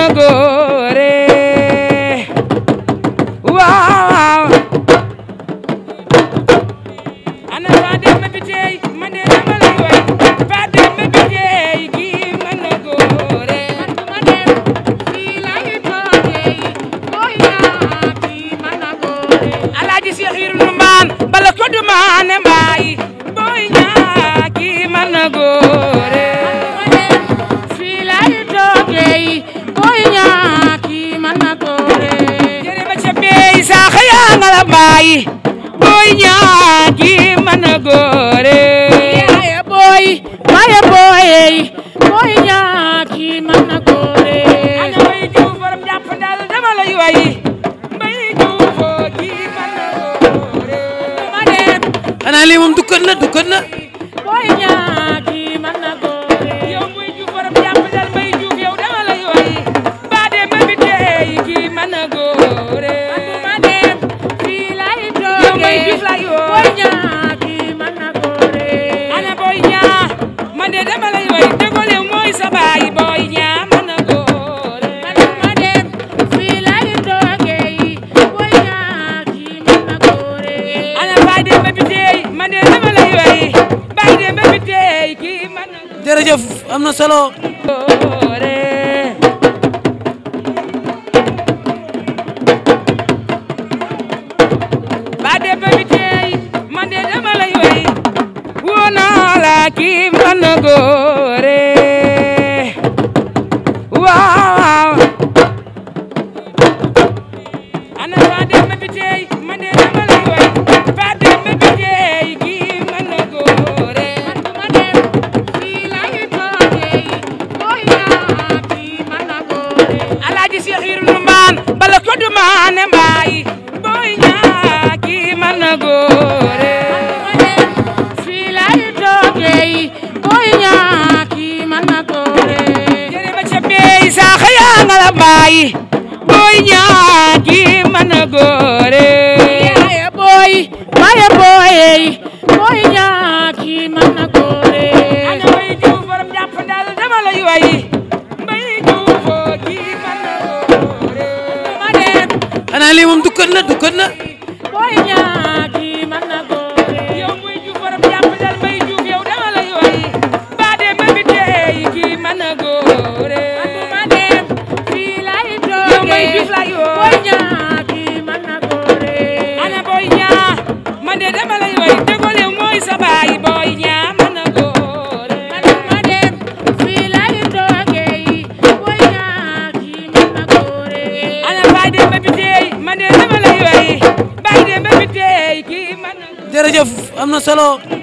na góore waaw ana waa dem na bi tey ma de la bàyyi boy ñaa ki mën a góore ay boy ay boy boy ñaa ki mën a góore ana way juuf borom jàpp dal dama lay way mbay juuf ki mën a góore ma ne ana lii moom dukkat na dukkat na boy ñaa boy Diouf lay woo boy ñaa kii man na góore ana boy ñaa man de dama lay way dégole mooy sa baay boy ñaa man na góore man ma dem fii lay toogee boy ñaa kii man na góore ana baay dem ba bi tey man de dama lay way baay dem ba bi tey kii man na jërëjëf am na solo na góore waaw ana fa dem bala ko du ma ne bàyyi booy ñaa ki mën a ana bay juuf borom jàpp dal dama lay wayi bay juufoo ki mën lii moom dukkat na dukkat na a jërëjëf am na solo.